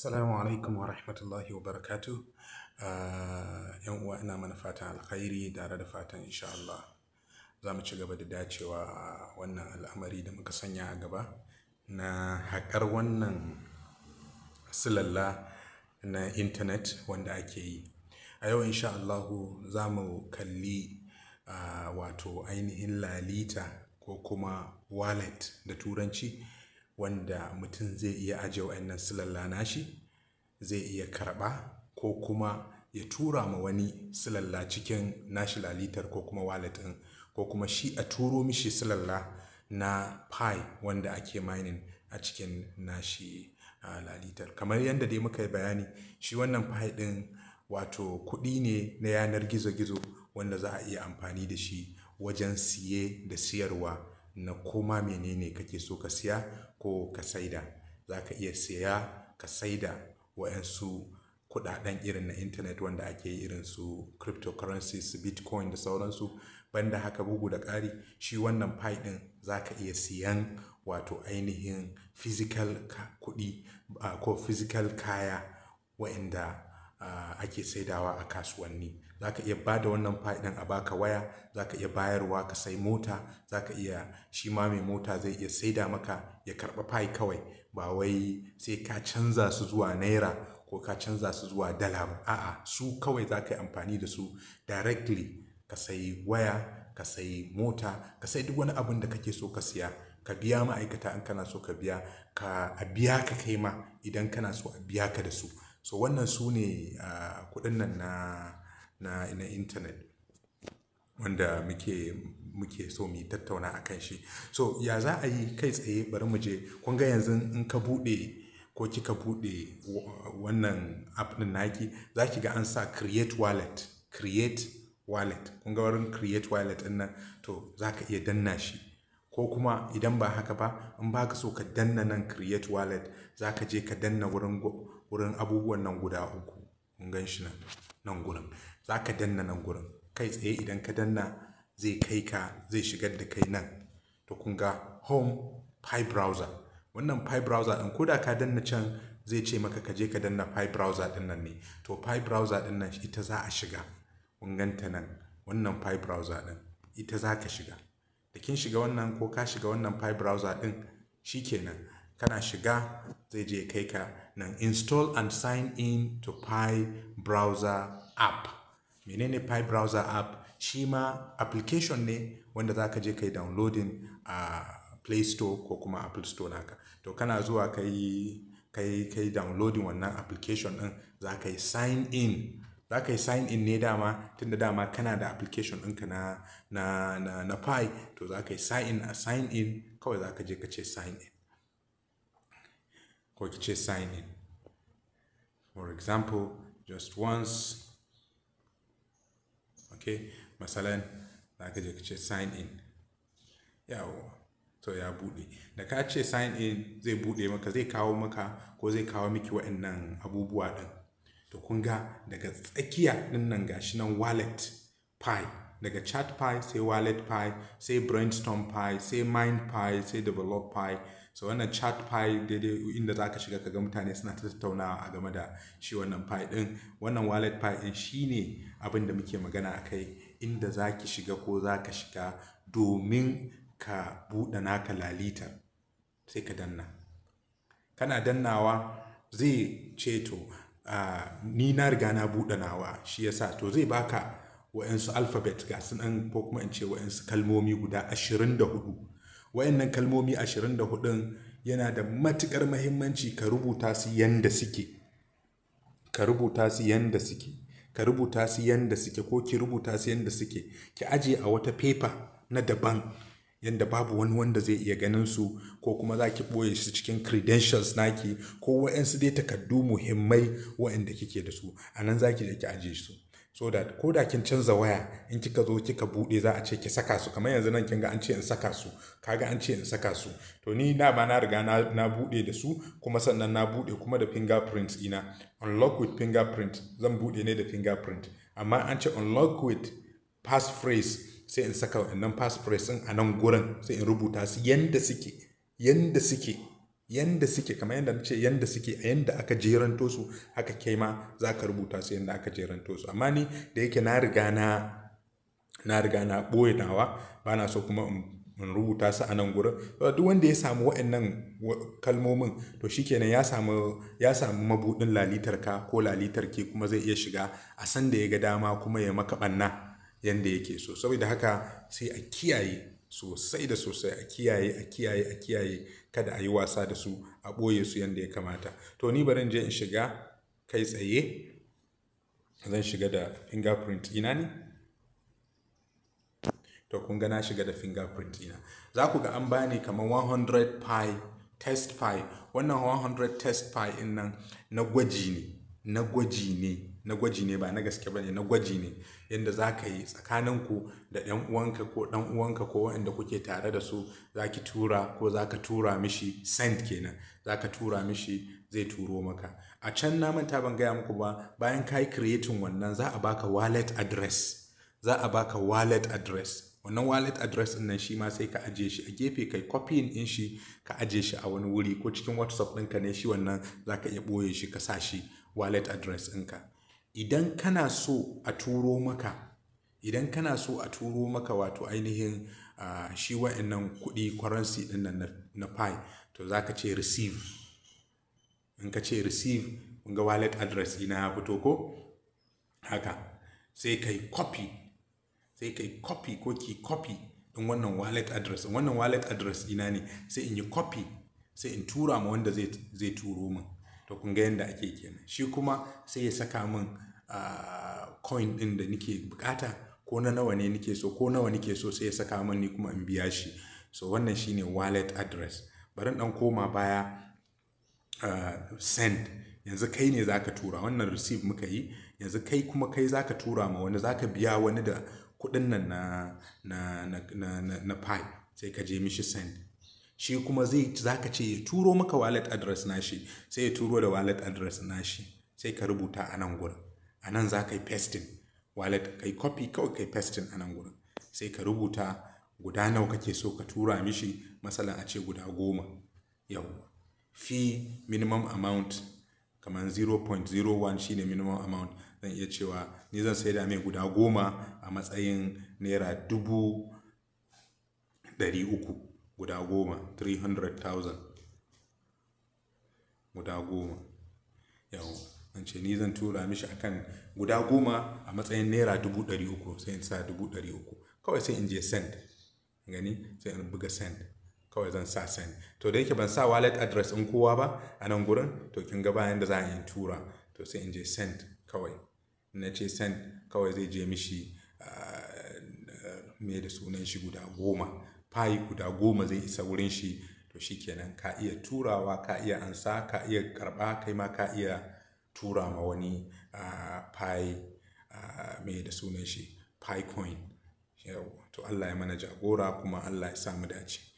Assalamu alaikum wa rahmatullahi wa barakatu. Ah, ‘Yan uwa ina mana fatan alkhairi tare da fatan insha Allah za mu ci gaba da dacewa a wannan al'amari da muka sanya a gaba na haƙar wannan silalla na intanet wanda ake yi. A yau insha Allah za mu kalli ah, wato ainihin lalita ko kuma walet da turanci. wanda mutum zai iya ajiye wa'annan silalla nashi zai iya karɓa ko kuma ya tura ma wani silalla cikin nashi lalitar ko kuma wallet ɗin ko kuma shi a turo mishi silalla na pi wanda ake mining a cikin nashi lalitar kamar yadda dai muka yi bayani shi wannan pi din wato kuɗi ne na yanar gizo-gizo wanda za a iya amfani da shi wajen siye da siyarwa na koma menene kake so ka siya ko ka saida za ka iya saya ka saida wa'yansu kudaden irin na intanet wanda ake yi irin su cryptocurrencies bitcoin da sauransu banda haka bugu da ƙari shi wannan pi ɗin za ka iya siyan wato ainihin physical kuɗi ko physical kaya wa'inda ake saidawa a kasuwanni za ka iya ba da wannan fa'idan a baka waya za ka iya bayarwa ka sai mota za ka iya shi ma mai mota zai iya saida maka ya karɓa fa'i kawai ba wai sai ka canza su zuwa naira ko ka canza su zuwa dala ba a'a su kawai za ka yi amfani da su directly ka sai waya ka sai mota ka sai duk wani abin da kake so ka siya ka biya ma'aikata in kana so ka biya ka a biya ka kai ma idan kana so a biya ka da su so wannan su ne ah, kuɗin nan na na na intanet wanda muke muke so mu tattauna a kan shi so ya za a yi kai tsaye bari mu je kun ga yanzu in ka buɗe ko kika buɗe wannan app din naki za ki ga an sa create wallet create wallet kun ga wurin create wallet din nan to za ka iya danna shi ko kuma idan ba haka ba in ba ka so ka danna nan create wallet za ka je ka danna wurin abubuwan nan guda uku kun gan shi nan nan gurin za ka danna nan gurin kai tsaye idan ka danna zai kai ka zai shigar da kai nan to kun ga home pi browser wannan pi browser ɗin ko da ka danna can zai ce maka ka je ka danna pi browser ɗin nan ne to pi browser ɗin nan ita za a shiga kun ganta nan wannan pi browser ɗin ita za ka shiga da kin shiga wannan ko ka shiga wannan pi browser ɗin shikenan kana shiga zai je kai ka nan install and sign in to pi browser app menene pi browser app shi ma application ne wanda za je ka yi downloading a play store ko kuma apple store naka to kana zuwa ka yi kai downloading wannan application din za ka yi sign in za sign in ne dama tunda dama kana da application ɗinka na na na, na pi to za ka sign in a sign in kawai za ka je ka ce sign in ko ki sign in for example just once okay masalan za je kace sign in yawo to ya bude da ka ce sign in zai bude maka zai kawo maka ko zai kawo miki waɗannan abubuwa din to kun ga daga tsakiya din nan gashi nan wallet pie daga pi sai wallet pi sai pi sai mind pi sai develop pi so wannan chat pi daidai inda za ka shiga ka ga mutane suna ta tattaunawa a game da shi wannan pi din wannan wallet pi din shine abin da muke magana a kai inda za ki shiga ko za ka shiga domin ka buɗe naka lalita, sai ka danna kana dannawa zai ce to ah, ni na riga na buɗe nawa shi yasa to zai baka wa'yansu alfabet ga nan ko kuma in ce wa'yansu kalmomi guda 24 wa'yannan kalmomi 24 yana da matukar mahimmanci ka rubuta su yanda suke ka rubuta su yanda suke ka rubuta su yanda suke ko ki rubuta su yanda suke ki aje a wata pepa na daban yanda babu wani wanda zai iya ganin su ko kuma za ki ɓoye su cikin credentials naki ko wa'yansu dai takardu muhimmai wa'yanda kike da su a nan za ki je ki aje su so da ko da kin canza waya in kika zo kika bude za a ce ki saka su kamar yanzu nan kin ga an ce in saka su kaga an ce in saka su to ni na ba na riga na, na bude da su kuma sannan na bude kuma da fingerprint ina unlock with fingerprint zan bude ne da fingerprint amma an ce unlock with passphrase sai in saka wannan passphrase din a nan gurin sai in rubuta su yanda suke yanda suke yanda suke kamar yanda nace yanda suke a yanda aka jeranto su haka kai ma za ka rubuta su yanda aka jeranto su amma ni da yake na riga na na ɓoye nawa ba na so kuma in rubuta su a nan gurin duk wanda ya samu waɗannan kalmomin to shikenan ya samu ya samu mabudin lalitar ka ko lalitar ke kuma zai iya shiga a san da ya ga dama kuma ya maka ɓanna yanda yake so saboda haka sai a kiyaye sosai da sosai a kiyaye a kiyaye a kiyaye kada a yi wasa da su a ɓoye su yadda ya kamata to ni barin je in shiga kai tsaye zan shiga da fingerprint ina ne to kun ga na shiga da fingerprint ina za ku ga an bani kamar 100 pi test pi wannan 100 test pi in nan na gwaji ne na gwaji ne na gwaji ne ba na gaske ba ne na gwaji ne yadda za ka yi tsakaninku da ɗan uwanka ko ɗan uwanka ko waɗanda kuke tare da su za ki tura ko za ka tura mishi send kenan za ka tura mishi zai turo maka a can na manta ban gaya muku ba bayan ka yi creating wannan za a baka wallet address za a baka wallet address wannan wallet address ɗin nan shi ma sai ka ajiye shi a gefe kai copying ɗin shi ka ajiye shi a wani wuri ko cikin whatsapp ɗinka ne shi wannan za ka iya ɓoye shi ka sa shi wallet address ɗinka idan kana so a turo maka idan kana so a turo maka wato ainihin uh, shi wa'annan kuɗi currency din nan na pi to za ka ce receive in ka ce receive ga wallet address ina ya fito ko haka sai kai copy sai kai copy ko ki copy ɗin wannan wallet address wannan wallet address ina ne sai in yi copy sai in tura ma wanda zai turo min to kun ga yadda ake kenan shi kuma sai ya saka min coin ɗin da nike bukata ko na nawa ne nike so ko nawa nake so sai ya saka min ni kuma in biya shi so wannan shine wallet address barin dan koma baya send yanzu kai ne zaka tura wannan receive muka yi yanzu kai kuma kai zaka tura ma wani zaka biya wani da kuɗin nan na na sai ka je mishi send shi kuma zai zaka ce ya turo maka wallet address nashi sai ya turo da wallet address nashi sai ka rubuta a nan gurin a nan za ka yi pasting wallet ka yi copy kawai ka yi pasting a nan gurin sai ka rubuta guda nawa kake so ka tura mishi masalan a ce guda goma yau fi minimum amount kamar 0.01 shine minimum amount zan iya cewa ni zan sai da mai guda goma a matsayin naira dubu ɗari uku guda goma 300,000 guda goma yawon an ce ni zan tura mishi akan guda goma a matsayin naira 300,000 sai in sa 300,000 kawai sai in je send gani sai in buga send kawai zan sa send to da yake ban sa wallet address in kowa ba a nan gurin to kin ga bayan da za a yi tura to sai in je send kawai na ce send kawai zai je mishi ah, me da sunan shi guda goma fayi guda goma zai isa wurin shi to shi shikenan ka iya turawa ka iya ansa ka iya karba kai ma ka iya tura ma wani fayi mai da sunan shi pi coin to Allah ya mana jagora kuma Allah ya samu dace